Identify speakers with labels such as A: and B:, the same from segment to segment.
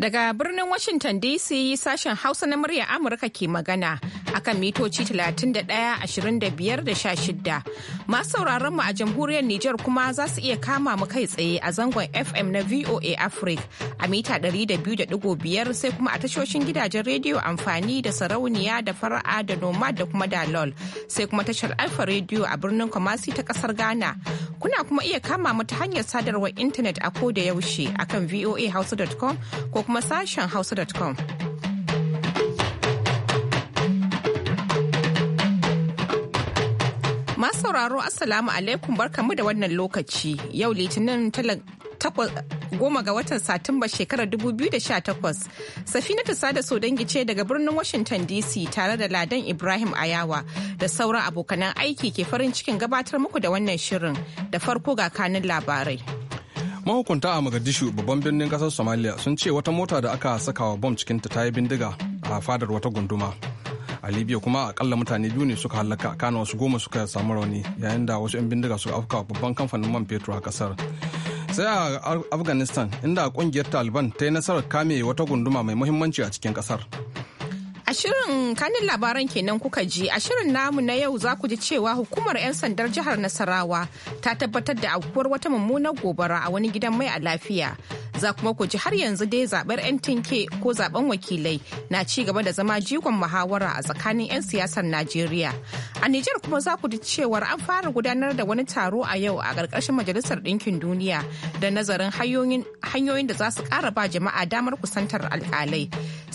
A: Daga birnin Washington DC sashen Hausa na murya Amurka ke magana akan mitoci 31-25-16. Masu sauraron mu a jamhuriyar Nijar kuma za su iya kama mu kai tsaye a zangon FM na VOA Africa a mita 200.5 sai kuma a tashoshin gidajen rediyo amfani da sarauniya da fara'a da nomad da kuma dalol sai kuma tashar Alfa rediyo a birnin Kumasi ta kasar Ghana. Kuna kuma iya kama mu ta hanyar sadarwar intanet a ko da yaushe akan voahausa.com ko kuma sashen hausa.com. Masu sauraro Assalamu alaikum barkamu da wannan lokaci yau litinin goma ga watan Satumba shekarar 2018. ta Sada so dangi ce daga birnin Washington DC tare da Ladan Ibrahim Ayawa da sauran abokanan aiki ke farin cikin gabatar muku da wannan shirin da farko ga kanin labarai.
B: mahukunta a mogadishu babban birnin kasar somalia sun ce wata mota da aka saka wa bom cikinta ta yi bindiga a fadar wata gunduma a libya kuma akalla mutane biyu ne suka halaka kana wasu goma suka samu rauni yayin da wasu 'yan bindiga suka afka babban kamfanin man fetur a kasar sai a afghanistan inda kungiyar taliban ta yi nasarar kame wata gunduma mai muhimmanci a cikin kasar
A: A shirin kanin labaran kenan kuka ji a shirin namu na yau za ku ji cewa hukumar 'yan sandar jihar Nasarawa ta tabbatar da aukuwar wata mummunar gobara a wani gidan mai a lafiya. Za kuma ku ji har yanzu dai zaɓar 'yan tinke ko zaɓen wakilai na ci gaba da zama jigon muhawara a tsakanin 'yan siyasar Najeriya. A Nijar kuma za ku ji cewar an fara gudanar da wani taro a yau a ƙarƙashin Majalisar Ɗinkin Duniya da nazarin hanyoyin da za su ƙara ba jama'a damar kusantar alƙalai.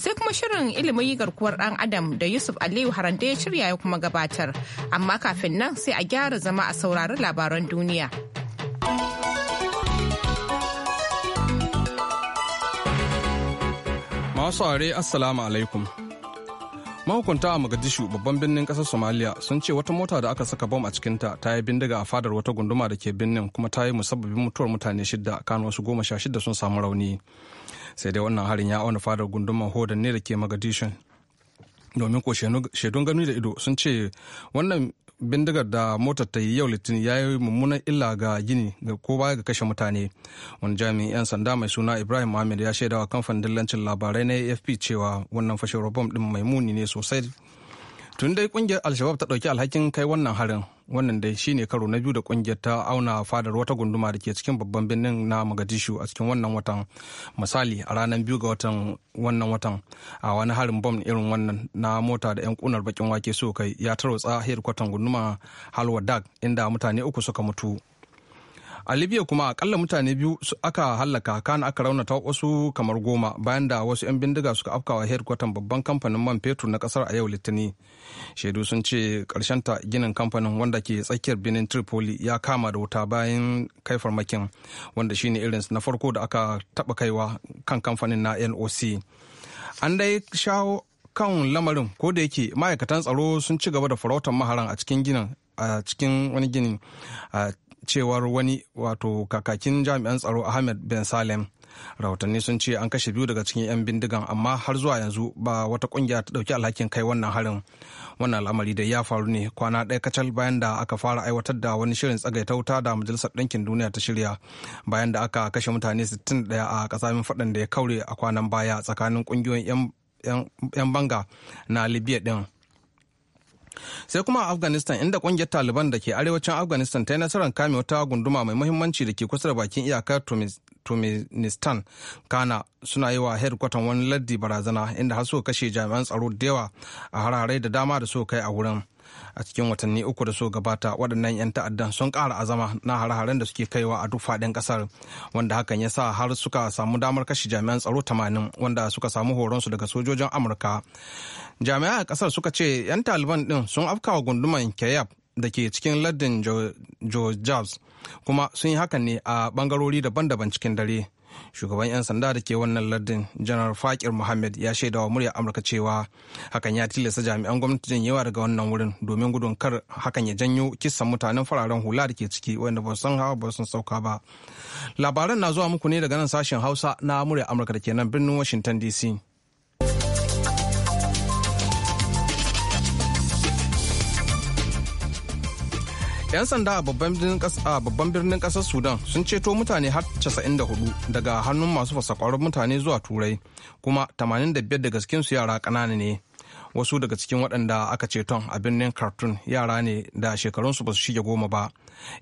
A: sai kuma shirin ilimin garkuwar dan adam da Yusuf Aliyu Harande ya shirya ya kuma gabatar. Amma kafin nan sai a gyara zama a saurari labaran duniya.
B: Masu are Assalamu alaikum. mahukunta a mogadishu babban birnin kasar somalia sun ce wata mota da aka saka bom a cikinta ta yi bindiga a fadar wata gunduma da ke birnin kuma ta yi musabbabin mutuwar mutane shida kano wasu goma sha shida sun samu rauni sai dai wannan harin ya auna fadar gundumar hodan ne da ke magadishin domin ko shaidun gani da ido sun ce wannan bindigar da motar ta yi yau litinin ya yi mummunan illa ga gini ga ko baya ga kashe mutane wani jami'in 'yan sanda mai suna ibrahim mohammed ya shaidawa wa kamfanin dillancin labarai na afp cewa wannan fashewar bom din mai muni ne sosai tun dai kungiyar alshabab ta dauki alhakin kai wannan harin wannan dai shine karo na biyu da kungiyar ta auna fadar wata gunduma da ke cikin babban birnin na magadishu a cikin wannan watan misali a ranar biyu ga watan wannan watan a wani harin bom irin wannan na mota da yan kunar bakin wake so kai ya tarotsa hedkwatan gunduma halwa dag inda mutane uku suka mutu a libya kuma akalla mutane biyu aka hallaka kan aka raunata wasu kamar goma bayan da wasu 'yan bindiga suka afkawa hedkwatan babban kamfanin man fetur na kasar a yau litinin shaidu sun ce ta ginin kamfanin wanda ke tsakiyar binin tripoli ya kama da wuta bayan kai farmakin wanda shine irin na farko da aka taba kaiwa kan kamfanin na noc an dai shawo kan lamarin ko da yake ma'aikatan tsaro sun ci gaba da farautar maharan a cikin ginin a cikin wani gini a cewar wani wato kakakin jami'an tsaro ahmed ben salem rahotanni sun ce an kashe biyu daga cikin 'yan bindigan amma har zuwa yanzu ba wata kungiya ta dauki alhakin kai wannan harin wannan al'amari da ya faru ne kwana ɗaya kacal bayan da aka fara aiwatar da wani shirin tsagaita wuta da majalisar ɗinkin duniya ta shirya bayan da aka kashe mutane 61 a ƙasamin faɗan da ya kaure a kwanan baya tsakanin ƙungiyoyin 'yan banga na libya ɗin sai kuma a afghanistan inda kungiyar taliban da ke arewacin afghanistan ta yi nasarar kame wata gunduma mai muhimmanci da ke kusa da bakin iyakar turkmenistan kana suna yi wa hedkwatan wani laddi barazana inda har suka kashe jami'an tsaro da yawa a hararai da dama da suka kai a wurin a cikin watanni uku da su gabata waɗannan 'yan ta'addan sun ƙara azama na hare-haren da suke kaiwa a duk faɗin ƙasar wanda hakan ya sa har suka samu damar kashe jami'an tsaro 80 wanda suka samu horonsu daga sojojin amurka jami'a a ƙasar suka ce 'yan taliban ɗin sun afkawa gunduman kayab da ke cikin lardin jojabs kuma sun yi hakan ne a ɓangarori daban-daban cikin dare shugaban 'yan sanda da ke wannan lardin janar fakir muhammad ya shaida wa murya amurka cewa hakan ya tilasta jami'an gwamnati yawa daga wannan wurin domin gudun kar hakan ya janyo kisan mutanen fararen hula da ke ciki wanda ba san hawa ba sun sauka ba labaran na zuwa muku ne daga nan sashen hausa na murya amurka da ke nan birnin washington dc 'Yan sanda a babban birnin kasar Sudan sun ceto mutane har 94 daga hannun masu fasakwarar mutane zuwa turai kuma 85 daga cikinsu yara kanana ne. Wasu daga cikin waɗanda aka ceton a birnin Khartoum yara ne da shekarunsu ba su shige goma ba.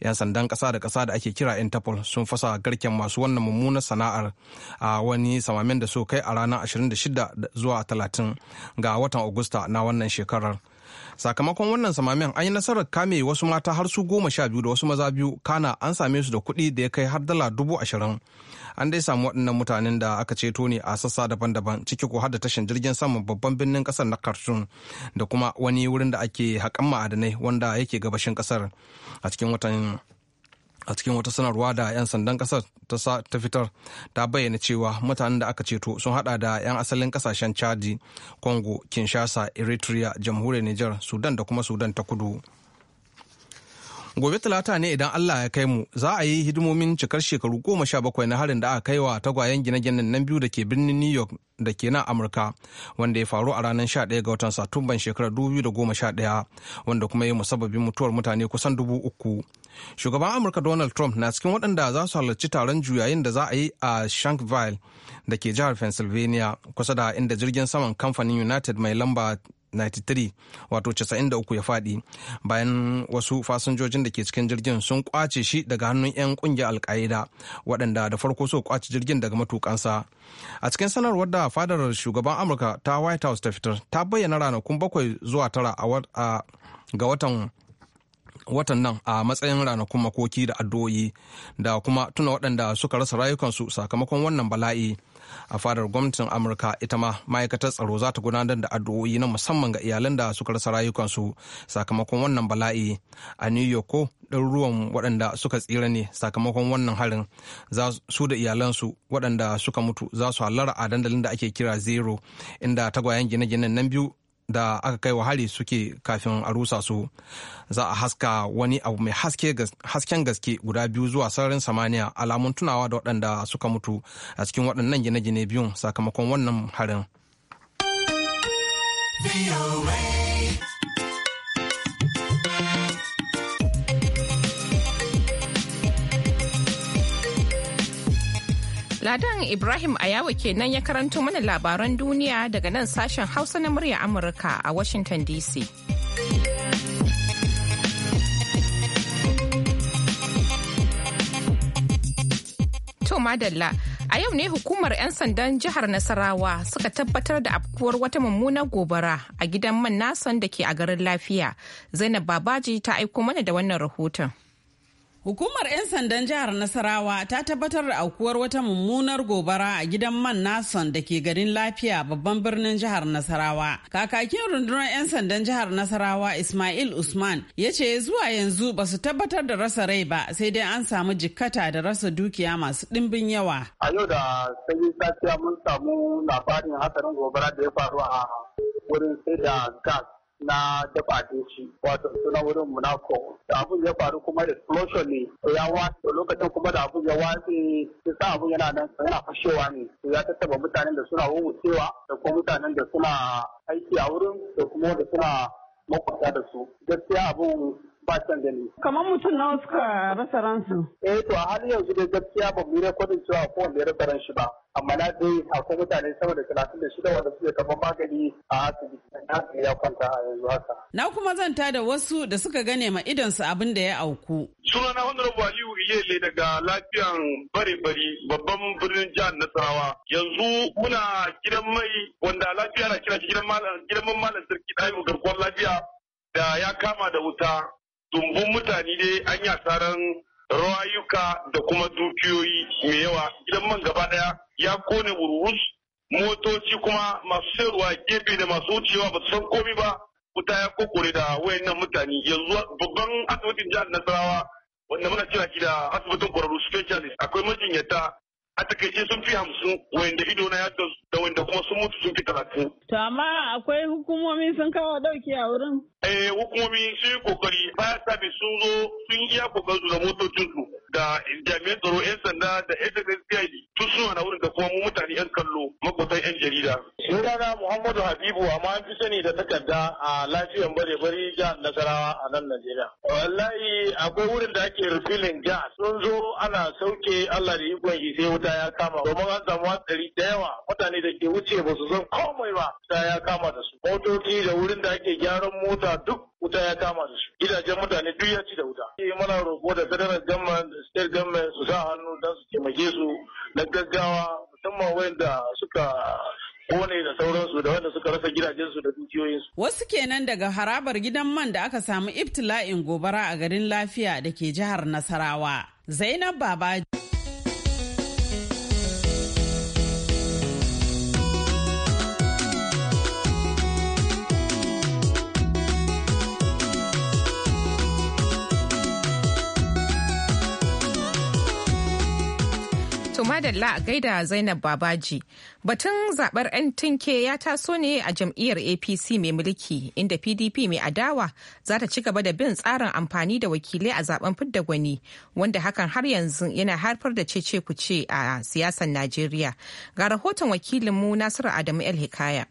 B: 'Yan sandan kasa da kasa da ake kira Interpol sun fasa garken masu wannan mummunar sana'ar a wani samamin da so kai a ranar 26 zuwa 30 ga watan Agusta na wannan shekarar. sakamakon wannan samamen an yi nasarar kame wasu mata har su goma sha biyu da wasu maza biyu kana an same su da kuɗi da ya kai har dala dubu ashirin an dai samu waɗannan mutanen da aka ceto ne a sassa daban-daban ciki ko har da tashin jirgin sama babban birnin ƙasar na khartoum da kuma wani wurin da ake haƙan ma'adanai wanda yake gabashin ƙasar a cikin watan a cikin wata sanarwa da 'yan sandan kasar ta fitar ta bayyana cewa mutanen da aka ceto sun hada da 'yan asalin kasashen chadi congo kinshasa eritrea jamhuriyar niger sudan da kuma sudan ta kudu gobe talata ne idan allah ya kai mu za a yi hidimomin cikar shekaru goma sha bakwai na harin da aka kai wa tagwayen gine-ginen nan biyu da ke birnin new york da ke nan amurka wanda ya faru a ranar 11 ga watan satumban shekarar 2011 wanda kuma ya musababin mutuwar mutane kusan dubu uku Shugaban Amurka Donald Trump na cikin waɗanda za su halarci taron juyayin da za a yi a Shankville da ke jihar Pennsylvania kusa da inda jirgin saman kamfanin United mai lamba 93 wato 93 ya faɗi bayan wasu fasinjojin da ke cikin jirgin sun kwace shi daga hannun 'yan kungiyar alka'ida waɗanda da farko so kwace jirgin daga matukansa a cikin sanarwar da fadar shugaban amurka ta white house ta fitar ta bayyana ranakun bakwai zuwa tara a ga watan watan nan a matsayin ranakun makoki da addu'o'i da kuma tuna waɗanda suka rasa rayukansu sakamakon wannan bala'i a fadar gwamnatin amurka ita ma ma'aikatar tsaro za ta gudanar da addu'o'i na musamman ga iyalan da suka rasa rayukansu sakamakon wannan bala'i a new york ko ɗaruruwan waɗanda suka tsira ne sakamakon wannan harin za su da iyalansu waɗanda suka mutu za su halara a dandalin da ake kira zero inda tagwayen gine-ginen nan biyu da aka kai wa hari suke kafin a rusa su za a haska wani abu mai hasken gaske guda biyu zuwa sararin samaniya alamun tunawa da waɗanda suka mutu a cikin waɗannan gine-gine biyun sakamakon wannan harin.
A: Ladan Ibrahim Ayawa kenan ya karanto mana labaran duniya daga nan sashen Hausa na murya Amurka a Washington DC. To madalla. A yau ne hukumar 'yan sandan jihar Nasarawa suka tabbatar da afkuwar wata mummunar gobara a gidan man nasan da ke a garin lafiya. Zainab Babaji ta aiko mana da wannan rahoton.
C: Hukumar 'yan sandan jihar Nasarawa ta tabbatar da aukuwar wata mummunar gobara a gidan man Nason da ke garin lafiya babban birnin jihar Nasarawa. Kakakin rundunar 'yan sandan jihar Nasarawa Ismail Usman ya ce zuwa yanzu ba su tabbatar da rasa rai ba sai dai an samu jikkata da rasa dukiya masu ɗimbin yawa. A
D: yau da sanyi safiya mun samu labarin hatsarin gobara da ya faru a wurin sai da gas na dafa abinci wato suna wurin munako da abun ya faru kuma explosion ne to ya wato lokacin kuma da abun ya wace sai sa abun yana nan yana fashewa ne to ya tattaba mutanen da suna wucewa da kuma mutanen da suna aiki a wurin da kuma da suna makwata da su gaskiya abun ba can ni. Kamar
C: mutum na suka rasa ransu?
D: Eh to a halin yanzu dai gaskiya ba mu yi rekodin cewa ko wanda ya rasa ran shi ba. Amma na dai akwai mutane sama da talatin da shida wanda suke kafa magani a
C: asibiti
E: na ya kwanta a yanzu haka.
C: Na kuma zan da wasu da suka gane ma idonsu abin da ya auku. Sunana Honorable Aliyu Iyele daga lafiyan bare-bari babban birnin jihar Nasarawa. Yanzu muna
E: gidan mai wanda lafiya na kira gidan malam sarki ɗayu garkuwar lafiya da ya kama da wuta dumbun mutane dai an yi asarar rayuka da kuma dukiyoyi mai yawa gidan man gaba daya ya kone wurwus motoci kuma masu sayarwa gefe da masu wucewa ba su san komi ba wuta ya kokore da wayannan mutane yanzu babban asibitin jihar nasarawa wanda muna kira ki da asibitin kwararru specialist akwai majinyata a takaice sun fi hamsin wanda ido na yadda da wanda kuma sun mutu sun fi talatin. To amma akwai
F: hukumomi sun kawo dauki a wurin?
E: Eh hukumomi sun yi kokari baya service sun zo sun iya kokarin da motocin su da jami'an tsaro yan sanda da
G: SSCID tun sun hana wurin da kuma mu mutane yan kallo makwatan yan jarida. Sunana Muhammadu Habibu amma an fi sani da takarda a lafiyan bare bari jihar Nasarawa a nan Najeriya. Wallahi akwai wurin da ake rufin gas sun zo ana sauke Allah da ikon shi sai wuta ya kama domin an samu hatsari da yawa mutane da ke wuce ba su san komai ba wuta ya kama da su motoci da wurin da ake gyaran mota duk wuta ya kama da su gidajen mutane duk ya ci da wuta muna roƙo da federal government da state government su sa hannu don su taimake su na gaggawa musamman wanda suka kone da sauransu da wanda suka rasa gidajensu
D: da
C: dukiyoyinsu. Wasu kenan daga harabar gidan man da aka samu ibtila'in gobara a garin lafiya da ke jihar Nasarawa. Zainab Babaji.
A: madalla a gaida Zainab Babaji. Batun zabar 'yan tinke ya taso ne a jam'iyyar APC mai mulki inda PDP mai adawa za ta ci gaba da bin tsarin amfani da wakilai a zaben fidda gwani wanda hakan har yanzu yana haifar da cece kuce a siyasar Najeriya. Ga rahoton wakilinmu Nasiru Adamu El Hikaya.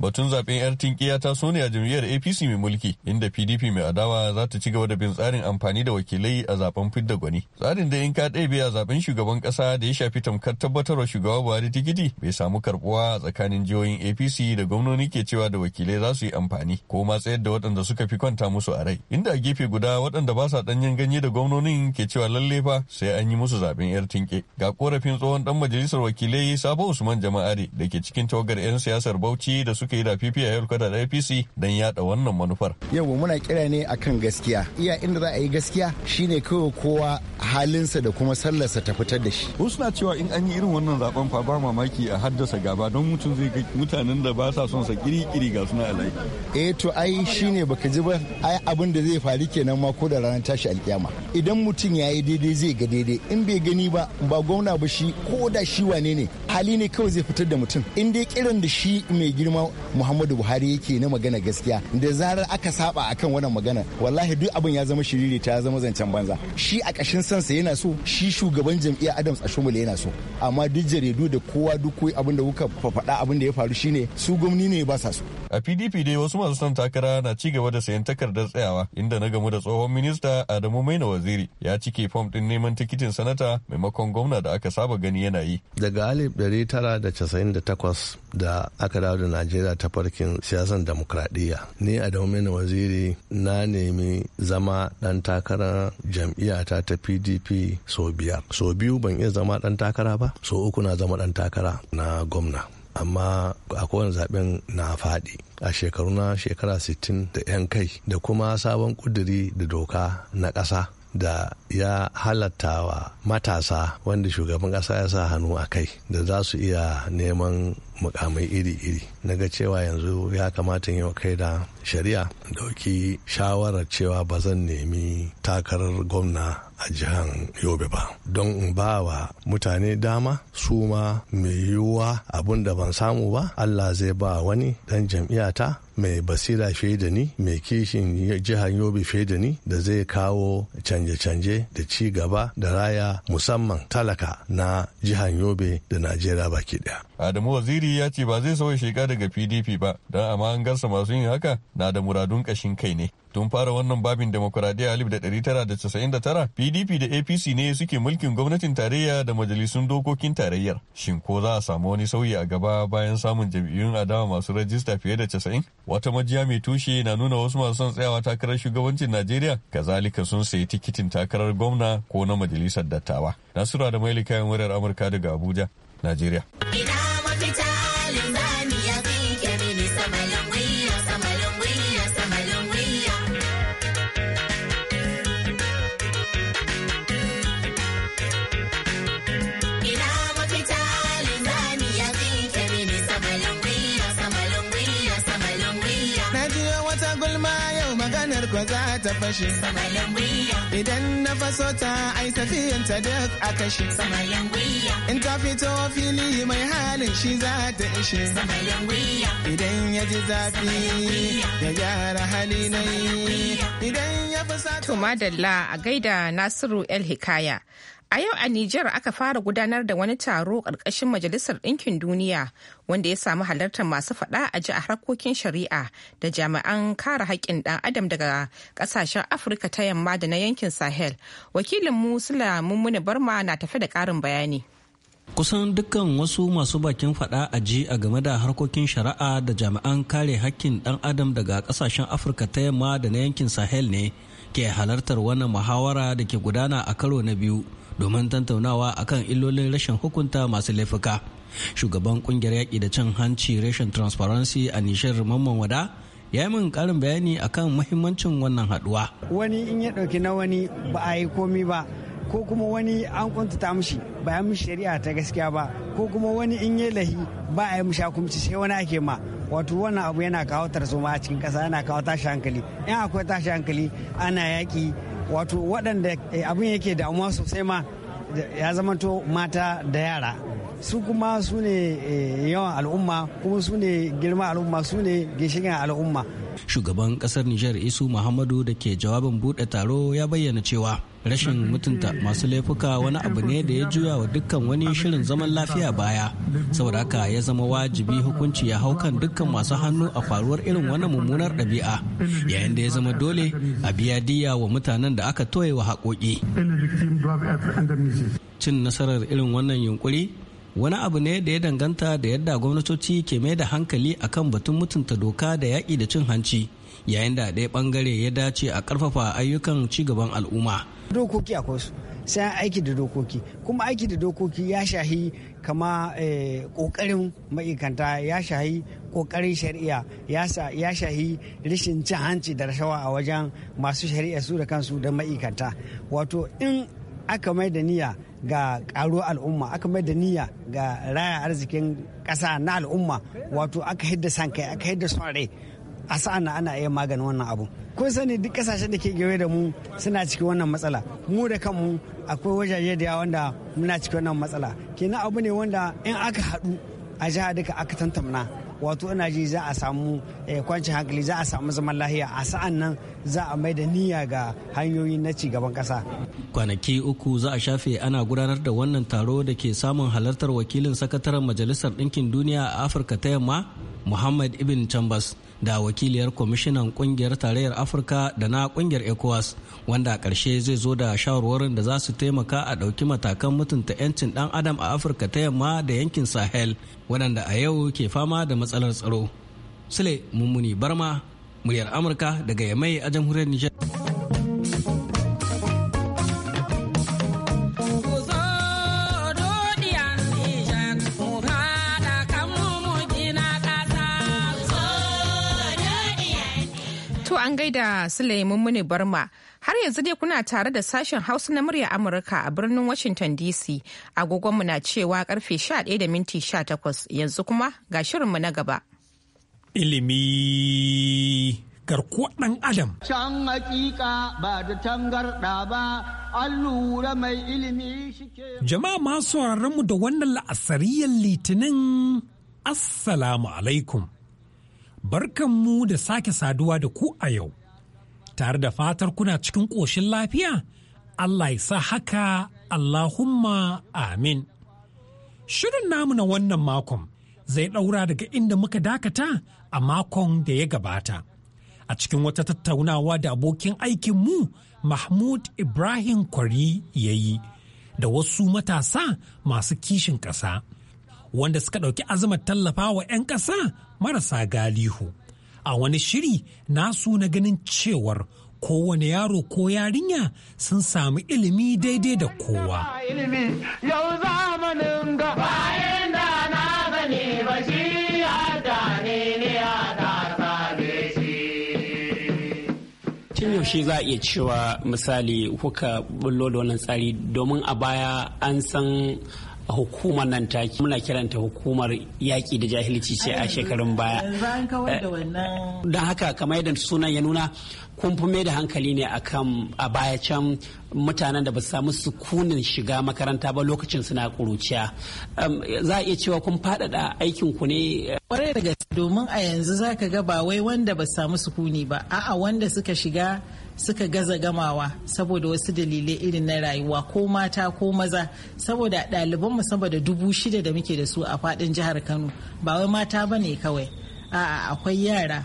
E: batun zaben yar tinkiya ta so ne a jam'iyyar apc mai mulki inda pdp mai adawa za ta ci gaba da bin tsarin amfani da wakilai a zaben fidda gwani tsarin da in ka ɗaya a zaben shugaban ƙasa da ya shafi tamkar tabbatarwa shugaba buhari tikiti bai samu karbuwa a tsakanin jihohin apc da gwamnoni ke cewa da wakilai za su yi amfani ko ma tsayar da waɗanda suka fi kwanta musu a rai inda a gefe guda waɗanda ba sa ɗanyen ganye da gwamnonin ke cewa lalle fa sai an yi musu zaben yar tinke ga korafin tsohon ɗan majalisar wakilai sabo usman jama'ari da ke cikin tawagar 'yan siyasar bauchi da su suka yi da fifi a yarkuwa da apc don yada wannan manufar
D: yau muna kira ne akan gaskiya iya inda za a yi
E: gaskiya shine kawai kowa halinsa da kuma sallarsa ta fitar da shi wasu na cewa in an yi irin wannan zaben fa ba mamaki a haddasa gaba don mutum zai ga mutanen da ba sa son sa kiri-kiri ga suna alai
D: eh to ai shine baka ji ba ai abin da zai faru kenan ma ko da ranar tashi alkiyama idan mutum ya yi daidai zai ga daidai in bai gani ba ba gwamna ba shi ko da shi wane ne hali ne kawai zai fitar da mutum in dai kiran da shi mai girma muhammadu buhari yake na magana gaskiya da zarar aka saba akan wannan magana wallahi duk abin ya zama shiriri ta zama zancen banza shi a kashin sansa yana so shi shugaban jam'iyya adams a shumule yana so amma duk jaridu da kowa duk abin da kuka faɗa abin da ya faru shine su gwamni ne ba sa so
E: a pdp dai wasu masu son takara na ci gaba da sayan takardar tsayawa inda na gamu da tsohon minista adamu maina waziri ya cike fom din neman tikitin sanata maimakon gwamna da aka saba gani yana
G: yi daga alif 1998 da aka dawo da najeriya najeriya ta farkin siyasan demokradiyya ni a daumin waziri na nemi zama dan takara jam'iyya ta ta pdp so biyar so biyu ban iya zama dan takara ba so uku na zama dan takara na gwamna amma a kowane zaben na faɗi a shekaru na shekara 60 da 'yan kai da kuma sabon kuduri da doka na ƙasa da ya halatta wa matasa wanda shugaban ƙasa ya sa hannu a kai da za su iya neman mukamai iri-iri na ga cewa yanzu ya kamata yau kai da shari'a dauki shawarar cewa ba zan nemi takarar gwamna a jihan yobe ba don in ba wa mutane dama su ma mai yiwuwa abun da ban samu ba allah zai ba wani dan jam'iyyata mai basira fiye da ni mai kishin jihar yobe fiye da ni da zai kawo canje-canje da ci gaba da raya musamman talaka na jihar yobe da najeriya baki daya
E: adamu waziri Waziri ya ce ba zai sauya shiga daga PDP ba, don amma an gasa masu yin haka na da muradun kashin kai ne. Tun fara wannan babin demokuraɗiyya alif da ɗari tara da casa'in da tara, PDP da APC ne suke mulkin gwamnatin tarayya da majalisun dokokin tarayyar. Shin ko za a samu wani sauyi a gaba bayan samun jam'iyyun adawa masu rajista fiye da casa'in? Wata majiya mai tushe na nuna wasu masu son tsayawa takarar shugabancin Najeriya, kazalika sun sayi tikitin takarar gwamna ko na majalisar dattawa. Nasura da Maili kayan muryar Amurka daga Abuja, Najeriya.
H: Ina Panamá.
C: zata za ta fashe idan na faso ta ai tafiyan ta duk a kashe in ta fito fili mai halin shi za ta ishe idan ya ji
B: zafi ya
A: gyara hali na yi idan ya fi tumadalla a gaida nasiru el hikaya A yau a Nijar aka fara gudanar da wani taro ƙarƙashin Majalisar Ɗinkin Duniya wanda ya samu halartar masu faɗa a ji a harkokin shari'a da jami'an kare haƙƙin ɗan adam daga ƙasashen Afirka ta yamma da na yankin Sahel. Wakilin Musula Mummuni Barma na tafe da ƙarin bayani.
I: kusan dukkan wasu masu bakin faɗa a ji a game da harkokin shari'a da jami'an kare haƙƙin ɗan adam daga ƙasashen afirka ta yamma da na yankin sahel ne ke halartar wannan muhawara da ke gudana a karo na biyu domin tantaunawa akan illolin rashin hukunta masu laifuka shugaban kungiyar yaƙi da cin hanci rashin transparency a nishir mamman wada ya yi min karin bayani akan mahimmancin wannan haduwa
F: wani in ya ɗauki na wani ba a yi komi ba ko kuma wani an kuntata mishi ba ya mushi shari'a ta gaskiya ba ko kuma wani in ya lahi ba a yi mushi hukunci sai wani ake ma wato wannan abu yana kawo tarzoma a cikin ƙasa yana kawo tashi hankali in akwai tashi hankali ana yaƙi wato waɗanda eh, abin yake damuwa sosai ma ya zamanto mata da yara su kuma su ne eh, yawan al'umma kuma su ne girma al'umma su ne
I: ginshigin al'umma shugaban kasar nijar isu muhammadu da ke jawabin buɗe taro ya bayyana cewa rashin mutunta masu laifuka wani abu ne da ya juya wa dukkan wani shirin zaman lafiya baya saboda haka ya zama wajibi hukunci ya hau kan dukkan masu hannu a faruwar irin wannan mummunar ɗabi'a yayin da ya zama dole a biya diya wa mutanen da aka toye wa haƙoƙi cin nasarar irin wannan yunkuri wani abu ne da ya danganta da yadda gwamnatoci ke mai da hankali akan batun mutunta doka da yaƙi da cin hanci yayin da ɗaya ɓangare ya dace a ƙarfafa ayyukan cigaban al'umma
F: dokoki akwai su sai aiki da dokoki kuma aiki da dokoki ya shahi kama kokarin eh, ma'aikanta ya shahi kokarin shari'a ya shahi rashin cin hanci da rashawa a wajen masu shari'a su da kansu da ma'aikanta wato in aka mai da niyya ga karuwar al'umma aka mai da niyya ga raya arzikin kasa na al'umma wato aka hidda sankai aka hidda son rai a sa'an ana iya maganin wannan abu kun sani duk kasashen da ke gewe da mu suna cikin wannan matsala mu da kanmu akwai wajaje da yawa wanda muna cikin wannan matsala kenan abu ne wanda in aka haɗu a jiha duka aka tantamna wato ina ji za a samu eh, kwanci hankali za a samu zaman lahiya a sa'an nan za a mai da niyya ga hanyoyi na ci gaban kasa
I: kwanaki uku za a shafe ana gudanar da wannan taro da ke samun halartar wakilin sakataren majalisar ɗinkin duniya a afirka ta yamma muhammad ibn chambers da wakiliyar kwamishinan kungiyar tarayyar afirka da na kungiyar ecowas wanda a karshe zai zo da shawarwarin da za su taimaka a ɗauki matakan mutunta 'yancin ɗan adam a afirka ta yamma da yankin sahel waɗanda a yau ke fama da matsalar tsaro sule mummuni barma muryar amurka daga yamai a jamhuriyar nijar
A: To an gaida Suleiman Muni Barma. Har yanzu dai kuna tare da sashen Hausa na murya Amurka a birnin Washington DC. Agogonmu na cewa karfe 11 da minti 18 yanzu kuma ga shirinmu na gaba.
J: Ilimi garkuwa ɗan Adam. Can hakika ba da tangarɗa
F: ba, an lura mai ilimi shike.
J: Jama'a masu mu da wannan la'asariyar litinin Assalamu alaikum. barkanmu da sake saduwa da ku a yau, tare da fatar kuna cikin ƙoshin lafiya, Allah ya sa haka Allahumma amin. Shirin namu na wannan makon zai ɗaura daga inda muka dakata a makon da ya gabata. A cikin wata tattaunawa da abokin aikinmu Mahmud Ibrahim Kwari ya yi da wasu matasa masu kishin ƙasa. wanda suka ɗauki azumar tallafa wa 'yan ƙasa marasa galihu. A wani shiri nasu na ganin cewar kowane yaro ko yarinya sun samu ilimi daidai da kowa.
D: shi yaushe za a iya cewa misali kuka bullo da wannan tsari domin a baya an san a hukumar nan taki muna kiranta hukumar yaƙi da jahilci ce a shekarun baya
C: eh, don
D: haka kamar yadda sunan ya nuna kun fi mai da hankali ne a kan a baya can mutanen da ba su samu sukunin shiga makaranta ba lokacin suna kuruciya
C: za a iya cewa kun faɗaɗa aikin ku ne kwarai da gaske domin a yanzu zaka ga ba wai wanda ba su samu sukuni ba a'a wanda suka shiga suka gaza gamawa saboda wasu dalilai irin na rayuwa ko mata ko maza saboda ɗaliban mu saboda dubu shida da muke da su a faɗin jihar kano ba wai mata ba ne kawai a'a akwai yara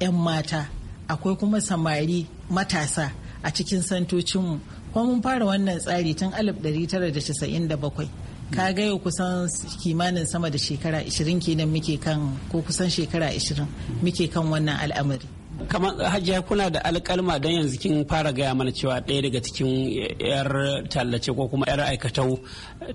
C: 'yan mata akwai kuma samari matasa a cikin santocinmu kuma mun fara wannan tsari tun 1997 ka ga yau kusan kimanin sama da shekara 20 kenan muke kan ko kusan shekara 20 muke kan wannan al'amari
D: kamar hajiya kuna da alkalma don yanzu kin fara gaya mana cewa ɗaya daga cikin yar tallace ko kuma yar aikatau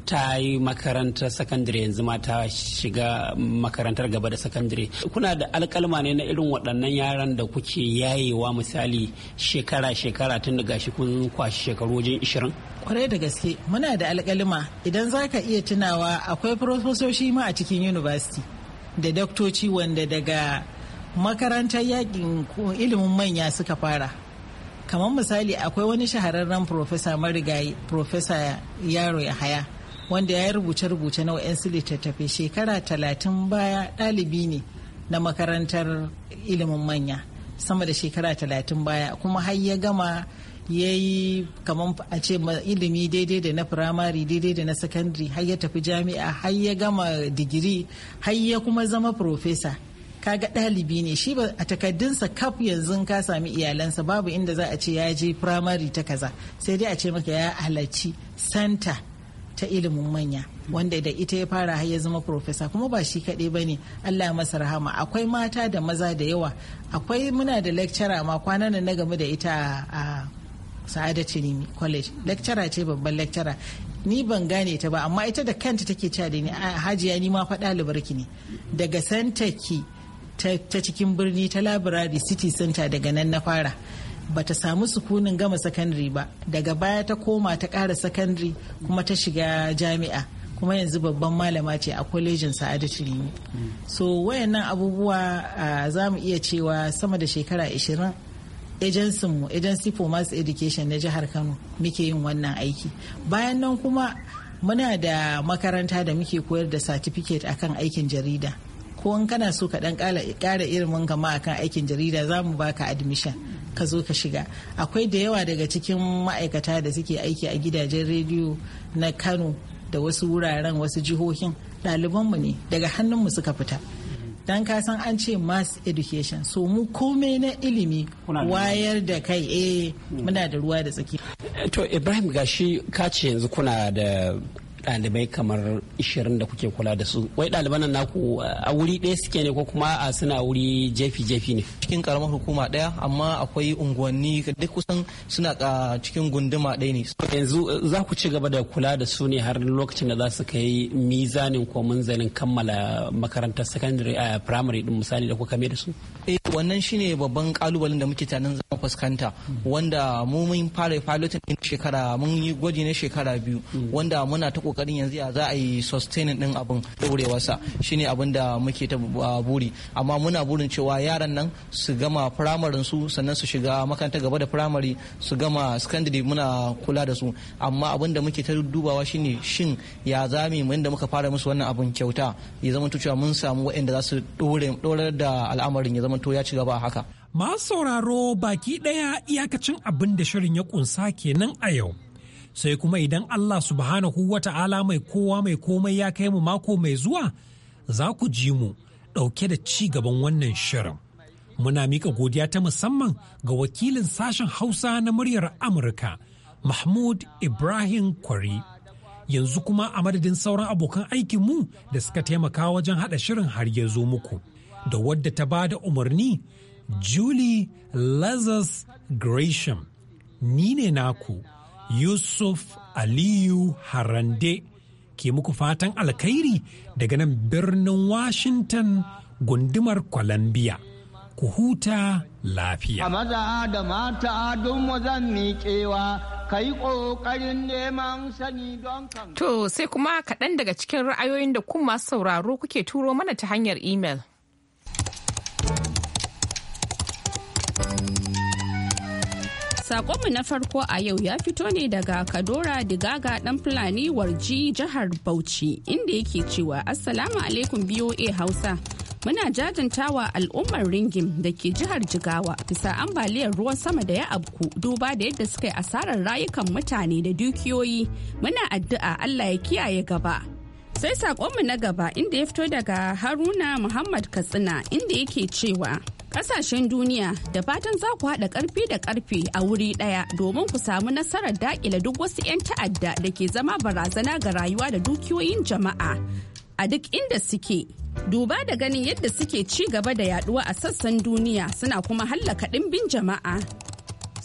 D: ta yi makarantar sakandare yanzu ma ta shiga makarantar gaba da sakandare kuna da alkalma ne na irin waɗannan yaran da kuke yayewa misali shekara shekara tun daga shi kun kwashi
C: shekaru wajen ishirin kwarai da gaske muna da alkalma idan za ka iya tunawa akwai profesoshi ma a cikin university da daktoci wanda daga makarantar yakin ilimin manya suka fara kamar misali akwai wani shahararren profesa marigayi profesa yaro ya haya wanda ya rubuce-rubuce na wa'yansu littattafai shekara talatin baya ɗalibi ne na makarantar ilimin manya sama da shekara talatin baya kuma har ya gama ya yi kamar a ce ilimi daidai da na firamare daidai da na sakandare har ya tafi jami'a har ya gama digiri har ya kuma zama profesa kaga ɗalibi ne shi ba a takardunsa kaf yanzu ka sami iyalansa babu inda za a ce ya je firamare ta kaza sai dai a ce maka ya halarci santa ta ilimin manya wanda da ita ya fara har ya zama profesa kuma ba shi kaɗai ba ne allah masa rahama akwai mata da maza da yawa akwai muna da lecturer ma kwanan na game da ita a sa'ada cinimi college lecturer ce babban lecturer ni ban gane ta ba amma ita da kanta take cewa da ni hajiya ni ma fa ɗalibar ne daga santa ki ta cikin birni ta labirari city center daga nan na fara ba ta samu sukunin gama sakandare ba daga baya ta koma ta kara sakandare kuma ta shiga jami'a kuma yanzu babban malama ce a kwalejin sa'adatu rimi so wayannan abubuwa za mu iya cewa sama da shekara 20 agency mu agency for mass education na jihar kano muke yin wannan aiki bayan nan kuma muna da makaranta da muke koyar da certificate akan aikin jarida ko in kana so ka dan kara ilimin ma akan aikin jarida za mu baka admission ka zo ka shiga akwai da yawa daga cikin ma'aikata da suke aiki a gidajen rediyo na kano da wasu wuraren wasu jihohin mu ne daga hannun mu suka fita dan ka san an ce mass education so mu komai na ilimi wayar da kai eh hmm. muna da ruwa da tsaki
D: to ibrahim gashi ka ce yanzu kuna da dalibai kamar 20 da kuke kula da su wai ɗaliban nan naku a wuri ɗaya suke ne ko kuma a suna wuri jefi-jefi ne cikin karamar hukuma ɗaya amma akwai unguwanni duk kusan suna cikin gunduma ɗaya ne yanzu eh, za ku ci gaba da kula da su ne har lokacin da za su kai mizanin ko munzalin kammala makarantar secondary a eh, primary din misali da kuka mai da su eh,
I: wannan shine babban kalubalen da muke tunanin zama fuskanta wanda mu mun fara piloting din shekara mun yi gwaji na shekara biyu wanda muna ta kokarin yanzu ya za a yi sustaining din abin sa shine abin da muke ta buri amma muna burin cewa yaran nan su gama primary su sannan su shiga makaranta gaba da firamare su gama secondary muna kula da su amma abin da muke ta dubawa shine shin ya zami mu da muka fara musu wannan abin kyauta ya zama cewa mun samu waɗanda za su dorar da al'amarin ya zama to ya ci
J: gaba haka. Masu sauraro baki ɗaya iyakacin abin da shirin ya kunsa kenan a yau. Sai kuma idan Allah subhanahu wa ta'ala mai kowa mai komai ya kai mu mako mai zuwa za ku ji mu ɗauke da ci gaban wannan shirin. Muna mika godiya ta musamman ga wakilin sashen Hausa na muryar Amurka, Mahmud Ibrahim Kwari. yanzu kuma a madadin sauran abokan aikinmu da suka taimaka wajen haɗa shirin har ya zo muku. da wadda ta ba da umarni Julie Lazarus Gresham. Ni ne naku Yusuf Aliyu Harande ke muku fatan alkhairi daga nan birnin Washington gundumar Columbia. Ku huta lafiya. A
I: maza da mata don wazan miƙewa, ka
A: yi ƙoƙarin neman sani don kan. To sai kuma kaɗan daga cikin ra'ayoyin da kuma masu sauraro kuke turo mana ta hanyar imel. Sakonmu na farko a yau ya
H: fito ne daga Kadora Digaga ɗan Fulani Warji jihar Bauchi inda yake cewa Assalamu alaikum BOA Hausa. Muna jajantawa al'ummar ringim da ke jihar Jigawa bisa ambaliyar ruwan sama da ya abku duba da yadda suka yi asarar rayukan mutane da dukiyoyi. Muna addu'a Allah ya kiyaye gaba. Sai saƙonmu na gaba inda ya fito daga Haruna Muhammad Katsina inda yake cewa kasashen duniya da fatan za ku haɗa ƙarfi da ƙarfe a wuri ɗaya domin ku samu nasarar daƙile duk wasu 'yan ta'adda da ke zama barazana ga rayuwa da dukiyoyin jama'a a duk inda suke duba da ganin yadda suke ci gaba da yaduwa a sassan duniya suna kuma hallaka ɗimbin jama'a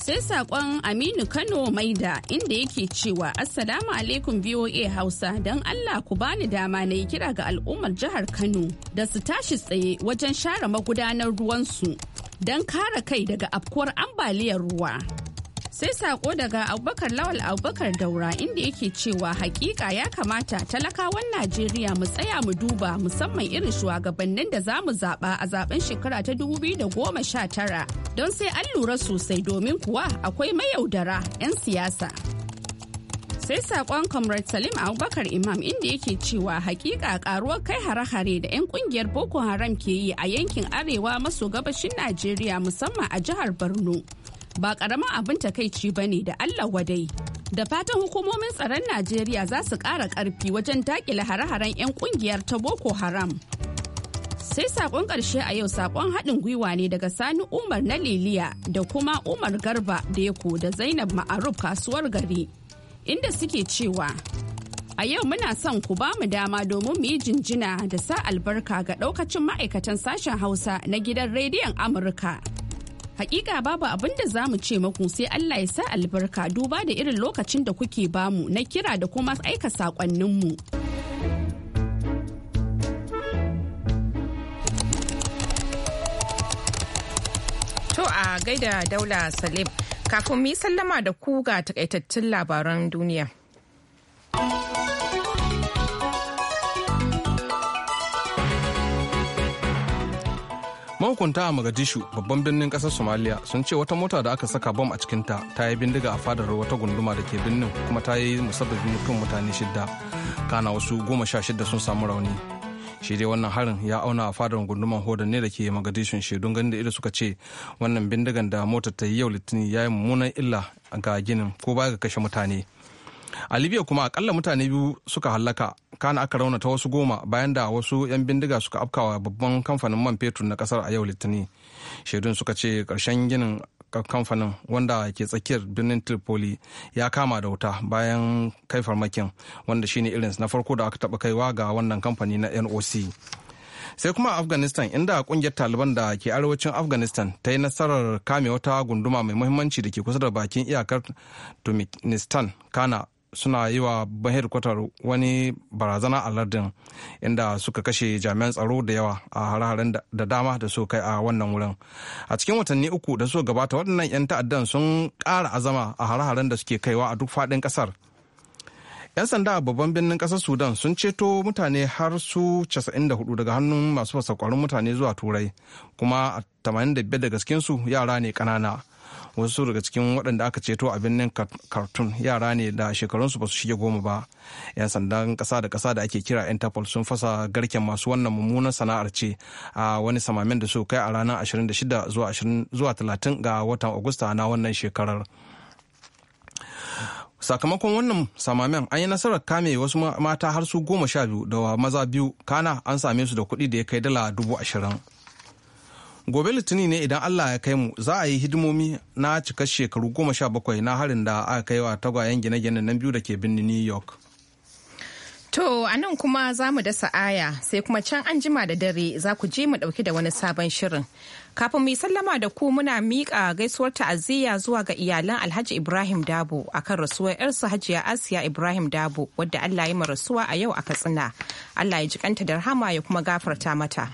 H: sai sakon aminu kano maida inda yake cewa assalamu alaikum voa hausa don allah ku bani dama na yi kira ga al'ummar jihar kano da su tashi tsaye wajen share magudanar ruwansu don kare kai daga afkuwar ambaliyar ruwa sai sako daga abubakar lawal abubakar daura inda yake cewa hakika ya kamata talakawan najeriya mu tsaya mu duba musamman irin shugabannin da za mu zaɓa a zaben shekara ta dubu biyu da goma sha tara don sai an lura sosai domin kuwa akwai mayaudara 'yan siyasa sai saƙon comrade salim abubakar imam inda yake cewa hakika karuwar kai hare-hare da 'yan kungiyar boko haram ke yi a yankin arewa maso gabashin najeriya musamman a jihar borno ba ƙaramin abin takaici ba ne da Allah wadai. Da fatan hukumomin tsaron Najeriya za su ƙara ƙarfi wajen takila hare-haren 'yan ƙungiyar ta Boko Haram. Sai saƙon ƙarshe a yau saƙon haɗin gwiwa ne daga Sani Umar na Liliya da kuma Umar Garba da Ya da Zainab Ma'aruf kasuwar gari. Inda suke cewa, A yau muna son ku ba mu dama domin mu yi jinjina da sa albarka ga ɗaukacin ma'aikatan sashen Hausa na gidan rediyon Amurka. Hakika babu abin da za mu ce maku sai Allah ya sa albarka duba da irin lokacin da kuke bamu na kira da kuma aika saƙonninmu.
A: To a gaida Daula Salim kafin mu yi sallama da ku ga takaitattun labaran duniya.
B: mahukunta a mogadishu babban birnin kasar somaliya sun ce wata mota da aka saka bom a cikinta ta yi bindiga a fadar wata gunduma da ke birnin kuma ta yi musabbabin mutum mutane shidda kana wasu goma sha shidda sun samu rauni shi dai wannan harin ya auna a fadar gunduman hodan ne da ke magadishin shaidun ganin da ido suka ce wannan bindigan da motar ta yi yau litinin ya yi mummunan illa ga ginin ko baya ga kashe mutane a libya kuma akalla mutane biyu suka hallaka kana aka rauna ta wasu goma bayan da wasu 'yan bindiga suka afkawa babban kamfanin man fetur na kasar a yau litinin shaidun suka ce karshen ginin kamfanin wanda ke tsakiyar birnin tripoli ya kama da wuta bayan kai farmakin wanda shine irin na farko da aka taba kaiwa ga wannan kamfani na noc sai kuma afghanistan inda kungiyar taliban da ke arewacin afghanistan ta yi nasarar kame wata gunduma mai muhimmanci da ke kusa da bakin iyakar turkmenistan kana suna yi wa ban hedikwatar wani barazana a lardin inda suka kashe jami'an tsaro da yawa a hare da dama da suka kai a wannan wurin a cikin watanni uku da suka gabata waɗannan 'yan ta'addan sun ƙara azama a hare da suke kaiwa a duk faɗin ƙasar 'yan sanda a babban birnin ƙasar sudan sun ceto mutane har su 94 daga hannun masu fasakwarin mutane zuwa turai kuma 85 daga cikinsu yara ne ƙanana wasu daga cikin waɗanda aka ceto a birnin khartoum yara ne da shekarunsu ba su shige goma ba yan sandan kasa da ƙasa da ake kira interpol sun fasa garken masu wannan mummunan sana'ar ce a wani samamin da su kai a ranar 26 zuwa 30 ga watan agusta na wannan shekarar sakamakon wannan samamen an yi nasarar kame wasu mata har su goma sha biyu da maza biyu kana an same su da kuɗi da ya kai dala dubu ashirin gobe litinin ne idan allah ya kai mu za a yi hidimomi na cikar shekaru goma sha bakwai na harin da aka kai wa tagwayen gine-gine nan biyu da ke birnin new york
A: To a nan kuma za mu dasa aya sai kuma can an jima da dare za ku je mu dauki da wani sabon shirin. Kafin mu sallama da ku muna miƙa gaisuwar ta'aziyya zuwa ga iyalan Alhaji Ibrahim Dabo akan rasuwar yarsa Hajiya Asiya Ibrahim Dabo wadda Allah ya rasuwa a yau a Katsina. Allah ya jikanta da rahama ya kuma gafarta mata.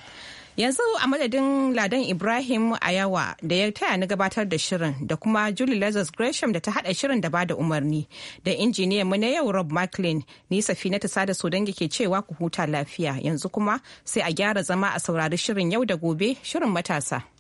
A: Yanzu a madadin Ladan Ibrahim Ayawa da ya taya ni gabatar da shirin da kuma Julie Lazarus Gresham da ta hada shirin da bada umarni da injiniyan mu na yau Rob mclean ni safina ta sada sodan ke cewa ku huta lafiya yanzu kuma sai a gyara zama a saurari shirin yau da gobe shirin matasa.